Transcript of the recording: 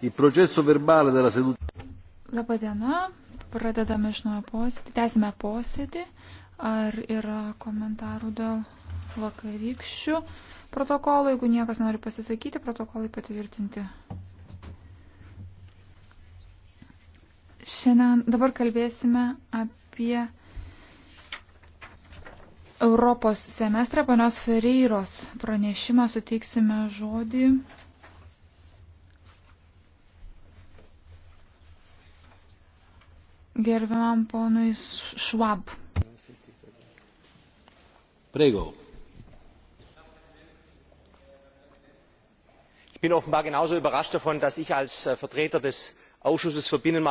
Il processo verbale della seduta. Labadiena, pradedame iš naujo posėdį, tęsime posėdį. Ar yra komentarų dėl vakarykščių protokolų, jeigu niekas nori pasisakyti, protokolai patvirtinti. Šiandien dabar kalbėsime apie Europos semestrą, panios Ferreiros pranešimą suteiksime žodį gerbiamam ponui Švab. Prego. Ich bin offenbar genauso überrascht davon, dass ich als äh, Vertreter des Ausschusses für Binnenmarkt